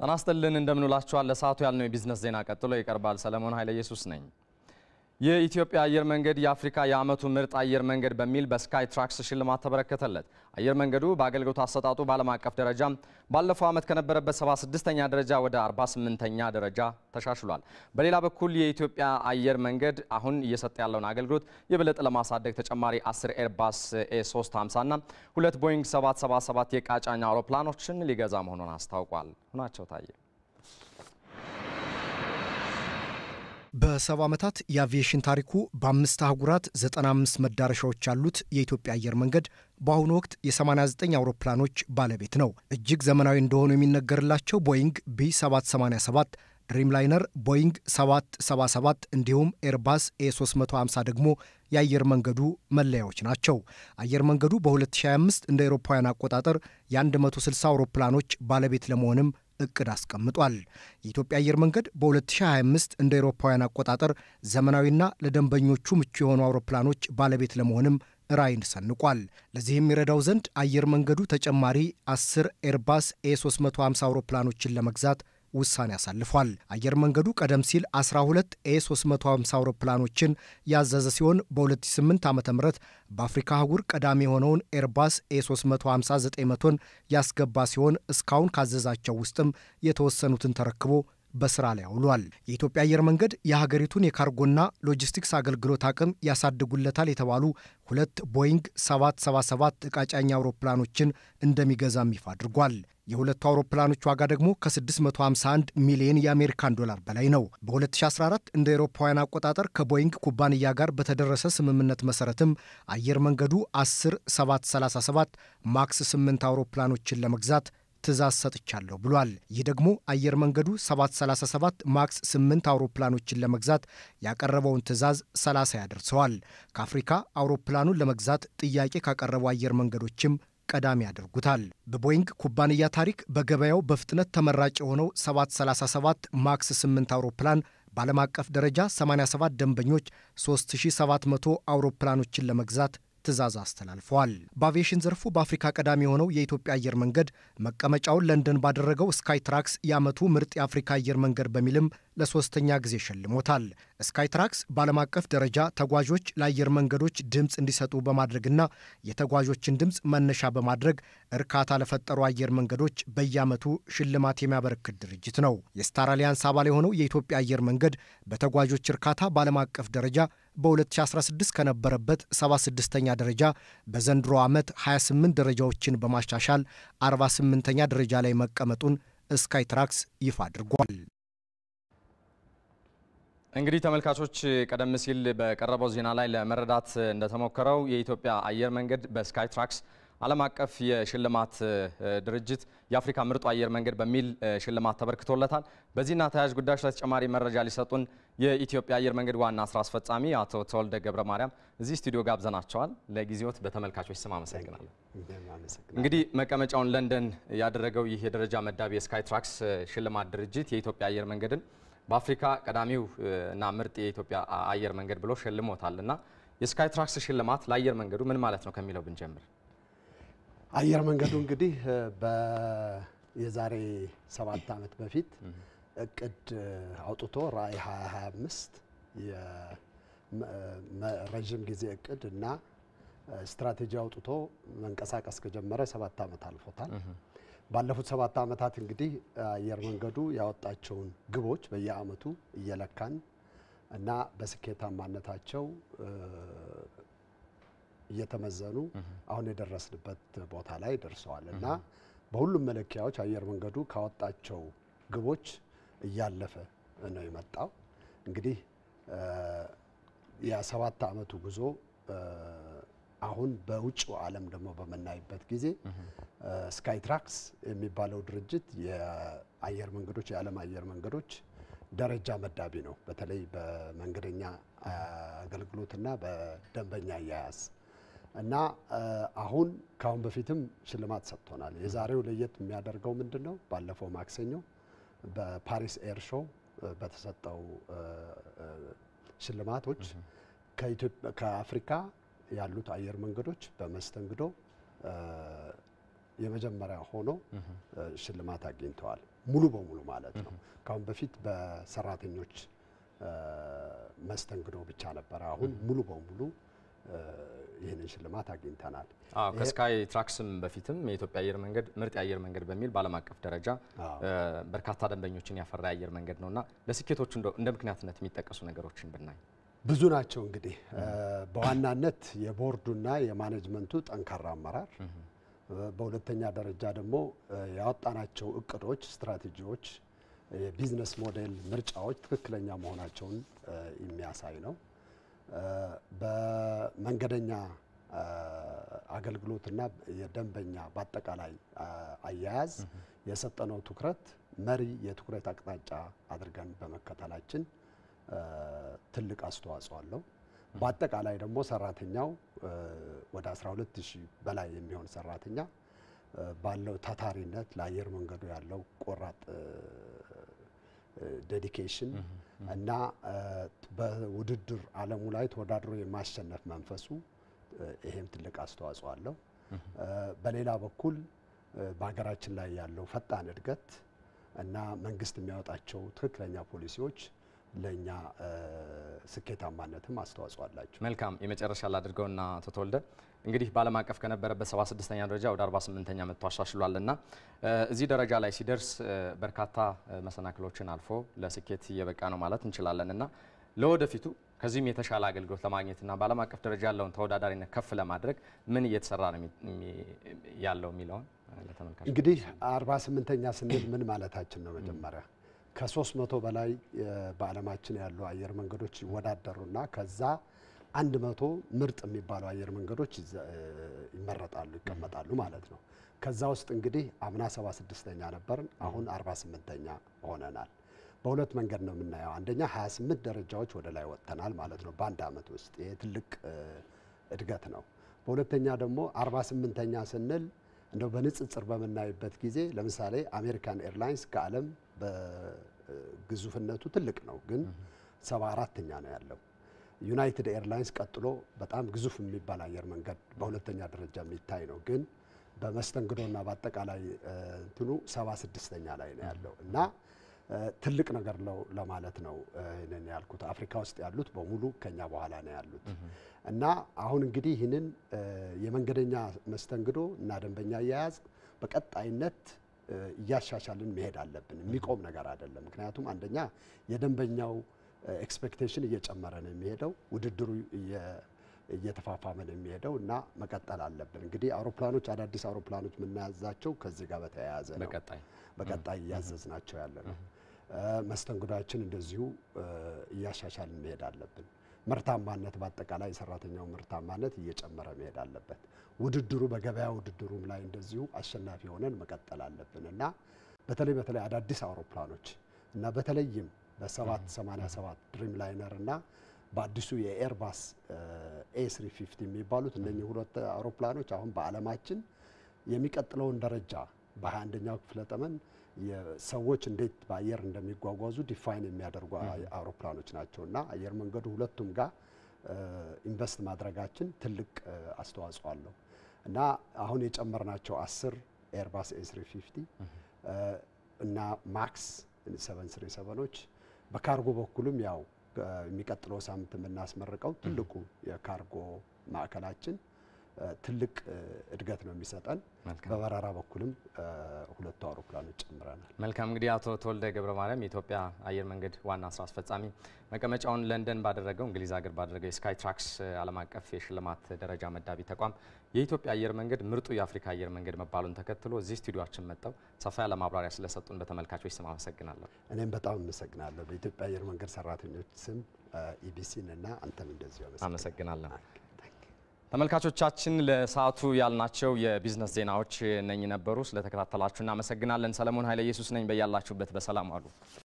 ጤና ይስጥልን እንደምንውላችኋል። ለሰዓቱ ያልነው የቢዝነስ ዜና ቀጥሎ ይቀርባል። ሰለሞን ኃይለ ኢየሱስ ነኝ። የኢትዮጵያ አየር መንገድ የአፍሪካ የዓመቱ ምርጥ አየር መንገድ በሚል በስካይ ትራክስ ሽልማት ተበረከተለት። አየር መንገዱ በአገልግሎት አሰጣጡ በዓለም አቀፍ ደረጃ ባለፈው ዓመት ከነበረበት 76ኛ ደረጃ ወደ 48ኛ ደረጃ ተሻሽሏል። በሌላ በኩል የኢትዮጵያ አየር መንገድ አሁን እየሰጠ ያለውን አገልግሎት የበለጠ ለማሳደግ ተጨማሪ 10 ኤርባስ ኤ350 እና ሁለት ቦይንግ 777 የዕቃ አውሮፕላኖችን ሊገዛ መሆኑን አስታውቋል። ሁናቸው ታየ በሰባ ዓመታት የአቪዬሽን ታሪኩ በአምስት አህጉራት 95 መዳረሻዎች ያሉት የኢትዮጵያ አየር መንገድ በአሁኑ ወቅት የ89 አውሮፕላኖች ባለቤት ነው። እጅግ ዘመናዊ እንደሆኑ የሚነገርላቸው ቦይንግ ቢ787 ድሪምላይነር፣ ቦይንግ 777 እንዲሁም ኤርባስ ኤ350 ደግሞ የአየር መንገዱ መለያዎች ናቸው። አየር መንገዱ በ2025 እንደ አውሮፓውያን አቆጣጠር የ160 አውሮፕላኖች ባለቤት ለመሆንም እቅድ አስቀምጧል። የኢትዮጵያ አየር መንገድ በ2025 እንደ ኤሮፓውያን አቆጣጠር ዘመናዊና ለደንበኞቹ ምቹ የሆኑ አውሮፕላኖች ባለቤት ለመሆንም ራይን ሰንቋል። ለዚህ የሚረዳው ዘንድ አየር መንገዱ ተጨማሪ 10 ኤርባስ ኤ350 አውሮፕላኖችን ለመግዛት ውሳኔ አሳልፏል። አየር መንገዱ ቀደም ሲል 12 ኤ350 አውሮፕላኖችን ያዘዘ ሲሆን በ2008 ዓ ም በአፍሪካ አህጉር ቀዳሚ የሆነውን ኤርባስ ኤ350-900ን ያስገባ ሲሆን እስካሁን ካዘዛቸው ውስጥም የተወሰኑትን ተረክቦ በስራ ላይ አውሏል። የኢትዮጵያ አየር መንገድ የሀገሪቱን የካርጎና ሎጂስቲክስ አገልግሎት አቅም ያሳድጉለታል የተባሉ ሁለት ቦይንግ 777 ዕቃ አውሮፕላኖችን እንደሚገዛም ይፋ አድርጓል። የሁለቱ አውሮፕላኖች ዋጋ ደግሞ ከ651 ሚሊዮን የአሜሪካን ዶላር በላይ ነው። በ2014 እንደ ኤሮፓውያን አቆጣጠር ከቦይንግ ኩባንያ ጋር በተደረሰ ስምምነት መሰረትም አየር መንገዱ 10737 ማክስ 8 አውሮፕላኖችን ለመግዛት ትእዛዝ ሰጥቻለሁ ብሏል። ይህ ደግሞ አየር መንገዱ 737 ማክስ 8 አውሮፕላኖችን ለመግዛት ያቀረበውን ትእዛዝ 30 ያደርሰዋል። ከአፍሪካ አውሮፕላኑን ለመግዛት ጥያቄ ካቀረቡ አየር መንገዶችም ቀዳሚ ያደርጉታል። በቦይንግ ኩባንያ ታሪክ በገበያው በፍጥነት ተመራጭ የሆነው 737 ማክስ 8 አውሮፕላን በዓለም አቀፍ ደረጃ 87 ደንበኞች 3700 አውሮፕላኖችን ለመግዛት ትዕዛዝ አስተላልፈዋል። በአቪዬሽን ዘርፉ በአፍሪካ ቀዳሚ የሆነው የኢትዮጵያ አየር መንገድ መቀመጫውን ለንደን ባደረገው ስካይ ትራክስ የዓመቱ ምርጥ የአፍሪካ አየር መንገድ በሚልም ለሶስተኛ ጊዜ ሸልሞታል። ስካይ ትራክስ በዓለም አቀፍ ደረጃ ተጓዦች ለአየር መንገዶች ድምፅ እንዲሰጡ በማድረግና የተጓዦችን ድምፅ መነሻ በማድረግ እርካታ ለፈጠሩ አየር መንገዶች በየዓመቱ ሽልማት የሚያበረክት ድርጅት ነው። የስታር አሊያንስ አባል የሆነው የኢትዮጵያ አየር መንገድ በተጓዦች እርካታ በዓለም አቀፍ ደረጃ በ2016 ከነበረበት 76ኛ ደረጃ በዘንድሮ ዓመት 28 ደረጃዎችን በማሻሻል 48ኛ ደረጃ ላይ መቀመጡን ስካይ ትራክስ ይፋ አድርጓል። እንግዲህ ተመልካቾች ቀደም ሲል በቀረበው ዜና ላይ ለመረዳት እንደተሞከረው የኢትዮጵያ አየር መንገድ በስካይ ትራክስ ዓለም አቀፍ የሽልማት ድርጅት የአፍሪካ ምርጡ አየር መንገድ በሚል ሽልማት ተበርክቶለታል። በዚህና ተያያዥ ጉዳዮች ላይ ተጨማሪ መረጃ ሊሰጡን የኢትዮጵያ አየር መንገድ ዋና ስራ አስፈጻሚ አቶ ተወልደ ገብረ ማርያም እዚህ ስቱዲዮ ጋብዘናቸዋል። ለጊዜዎት በተመልካቾች ስም አመሰግናለሁ። እንግዲህ መቀመጫውን ለንደን ያደረገው ይህ የደረጃ መዳቢ የስካይ ትራክስ ሽልማት ድርጅት የኢትዮጵያ አየር መንገድን በአፍሪካ ቀዳሚው እና ምርጥ የኢትዮጵያ አየር መንገድ ብሎ ሸልሞታል እና የስካይ ትራክስ ሽልማት ለአየር መንገዱ ምን ማለት ነው ከሚለው ብንጀምር አየር መንገዱ እንግዲህ የዛሬ ሰባት ዓመት በፊት እቅድ አውጥቶ ራዕይ 2025 የረዥም ጊዜ እቅድ እና ስትራቴጂ አውጥቶ መንቀሳቀስ ከጀመረ ሰባት ዓመት አልፎታል። ባለፉት ሰባት ዓመታት እንግዲህ አየር መንገዱ ያወጣቸውን ግቦች በየዓመቱ እየለካን እና በስኬታማነታቸው እየተመዘኑ አሁን የደረስንበት ቦታ ላይ ደርሰዋል እና በሁሉም መለኪያዎች አየር መንገዱ ካወጣቸው ግቦች እያለፈ ነው የመጣው። እንግዲህ የሰባት ዓመቱ ጉዞ አሁን በውጭው ዓለም ደግሞ በምናይበት ጊዜ ስካይትራክስ የሚባለው ድርጅት የአየር መንገዶች የዓለም አየር መንገዶች ደረጃ መዳቢ ነው። በተለይ በመንገደኛ አገልግሎትና በደንበኛ አያያዝ እና አሁን ከአሁን በፊትም ሽልማት ሰጥቶናል። የዛሬው ለየት የሚያደርገው ምንድን ነው? ባለፈው ማክሰኞ በፓሪስ ኤር ሾው በተሰጠው ሽልማቶች ከአፍሪካ ያሉት አየር መንገዶች በመስተንግዶ የመጀመሪያ ሆኖ ሽልማት አግኝተዋል። ሙሉ በሙሉ ማለት ነው። ከአሁን በፊት በሰራተኞች መስተንግዶ ብቻ ነበረ። አሁን ሙሉ በሙሉ ይህንን ሽልማት አግኝተናል። ከስካይ ትራክስም በፊትም የኢትዮጵያ አየር መንገድ ምርጥ የአየር መንገድ በሚል በዓለም አቀፍ ደረጃ በርካታ ደንበኞችን ያፈራ የአየር መንገድ እና ለስኬቶቹ እንደ ምክንያትነት የሚጠቀሱ ነገሮችን ብናይ ብዙ ናቸው። እንግዲህ በዋናነት የቦርዱና የማኔጅመንቱ ጠንካራ አመራር፣ በሁለተኛ ደረጃ ደግሞ ያወጣናቸው እቅዶች፣ ስትራቴጂዎች፣ የቢዝነስ ሞዴል ምርጫዎች ትክክለኛ መሆናቸውን የሚያሳይ ነው። በመንገደኛ አገልግሎትና የደንበኛ በአጠቃላይ አያያዝ የሰጠነው ትኩረት መሪ የትኩረት አቅጣጫ አድርገን በመከተላችን ትልቅ አስተዋጽኦ አለው። በአጠቃላይ ደግሞ ሰራተኛው ወደ 12 ሺህ በላይ የሚሆን ሰራተኛ ባለው ታታሪነት ለአየር መንገዱ ያለው ቆራጥ ዴዲኬሽን እና በውድድር አለሙ ላይ ተወዳድሮ የማሸነፍ መንፈሱ ይሄም ትልቅ አስተዋጽኦ አለው። በሌላ በኩል በሀገራችን ላይ ያለው ፈጣን እድገት እና መንግስት የሚያወጣቸው ትክክለኛ ፖሊሲዎች ለእኛ ስኬታማነትም አስተዋጽኦ አላቸው። መልካም የመጨረሻ ላድርገውና አቶ ተወልደ እንግዲህ በዓለም አቀፍ ከነበረበት 76ኛ ደረጃ ወደ 48ኛ መጥቶ አሻሽሏልና እዚህ ደረጃ ላይ ሲደርስ በርካታ መሰናክሎችን አልፎ ለስኬት እየበቃ ነው ማለት እንችላለንና ለወደፊቱ ከዚህም የተሻለ አገልግሎት ለማግኘትና በዓለም አቀፍ ደረጃ ያለውን ተወዳዳሪነት ከፍ ለማድረግ ምን እየተሰራ ነው ያለው የሚለውን ለተመልካች እንግዲህ 48ኛ ስንል ምን ማለታችን ነው መጀመሪያ ከሶስት መቶ በላይ በዓለማችን ያሉ አየር መንገዶች ይወዳደሩና ከዛ አንድ መቶ ምርጥ የሚባሉ አየር መንገዶች ይመረጣሉ ይቀመጣሉ ማለት ነው። ከዛ ውስጥ እንግዲህ አምና 76ኛ ነበርን፣ አሁን 48ኛ ሆነናል። በሁለት መንገድ ነው የምናየው። አንደኛ 28 ደረጃዎች ወደ ላይ ወጥተናል ማለት ነው በአንድ ዓመት ውስጥ ይሄ ትልቅ እድገት ነው። በሁለተኛ ደግሞ 48ኛ ስንል እንደው በንጽጽር በምናይበት ጊዜ ለምሳሌ አሜሪካን ኤርላይንስ ከዓለም በግዙፍነቱ ትልቅ ነው፣ ግን ሰባ አራተኛ ነው ያለው። ዩናይትድ ኤርላይንስ ቀጥሎ በጣም ግዙፍ የሚባል አየር መንገድ በሁለተኛ ደረጃ የሚታይ ነው፣ ግን በመስተንግዶና በአጠቃላይ እንትኑ ሰባ ስድስተኛ ላይ ነው ያለው እና ትልቅ ነገር ነው ለማለት ነው ይህንን ያልኩት። አፍሪካ ውስጥ ያሉት በሙሉ ከኛ በኋላ ነው ያሉት እና አሁን እንግዲህ ይህንን የመንገደኛ መስተንግዶ እና ደንበኛ አያያዝ በቀጣይነት እያሻሻልን መሄድ አለብን። የሚቆም ነገር አይደለም። ምክንያቱም አንደኛ የደንበኛው ኤክስፔክቴሽን እየጨመረ ነው የሚሄደው፣ ውድድሩ እየተፋፋመ ነው የሚሄደው እና መቀጠል አለብን። እንግዲህ አውሮፕላኖች አዳዲስ አውሮፕላኖች የምናያዛቸው ከዚህ ጋር በተያያዘ ነው። በቀጣይ እያዘዝ ናቸው ያለ ነው። መስተንግዷችን እንደዚሁ እያሻሻልን መሄድ አለብን። ምርታማነት በአጠቃላይ የሰራተኛው ምርታማነት እየጨመረ መሄድ አለበት። ውድድሩ በገበያ ውድድሩም ላይ እንደዚሁ አሸናፊ ሆነን መቀጠል አለብን እና በተለይ በተለይ አዳዲስ አውሮፕላኖች እና በተለይም በ787 ድሪም ላይነር እና በአዲሱ የኤርባስ ኤ350 የሚባሉት እነኚህ ሁለት አውሮፕላኖች አሁን በዓለማችን የሚቀጥለውን ደረጃ በ21ኛው ክፍለ ዘመን ሰዎች እንዴት በአየር እንደሚጓጓዙ ዲፋይን የሚያደርጉ አውሮፕላኖች ናቸው እና አየር መንገዱ ሁለቱም ጋር ኢንቨስት ማድረጋችን ትልቅ አስተዋጽኦ አለው እና አሁን የጨመርናቸው አስር ኤርባስ ኤ ስሪ ፊፍቲ እና ማክስ ሰቨን ስሪ ሰቨኖች በካርጎ በኩልም ያው የሚቀጥለው ሳምንት የምናስመርቀው ትልቁ የካርጎ ማዕከላችን ትልቅ እድገት ነው የሚሰጠን። በበረራ በኩልም ሁለቱ አውሮፕላኖች ጨምረናል። መልካም እንግዲህ አቶ ተወልደ ገብረ ማርያም የኢትዮጵያ አየር መንገድ ዋና ስራ አስፈጻሚ መቀመጫውን ለንደን ባደረገው እንግሊዝ ሀገር ባደረገው የስካይ ትራክስ ዓለም አቀፍ የሽልማት ደረጃ መዳቢ ተቋም የኢትዮጵያ አየር መንገድ ምርጡ የአፍሪካ አየር መንገድ መባሉን ተከትሎ እዚህ ስቱዲዮችን መጠው ሰፋ ያለ ማብራሪያ ስለሰጡን በተመልካቾች ስም አመሰግናለሁ። እኔም በጣም አመሰግናለሁ። በኢትዮጵያ አየር መንገድ ሰራተኞች ስም ኢቢሲን እና አንተም እንደዚሁ አመሰግናለሁ። ተመልካቾቻችን ለሰዓቱ ያልናቸው የቢዝነስ ዜናዎች እነኝ ነበሩ። ስለተከታተላችሁ እናመሰግናለን። ሰለሞን ኃይለ ኢየሱስ ነኝ። በያላችሁበት በሰላም አሉ።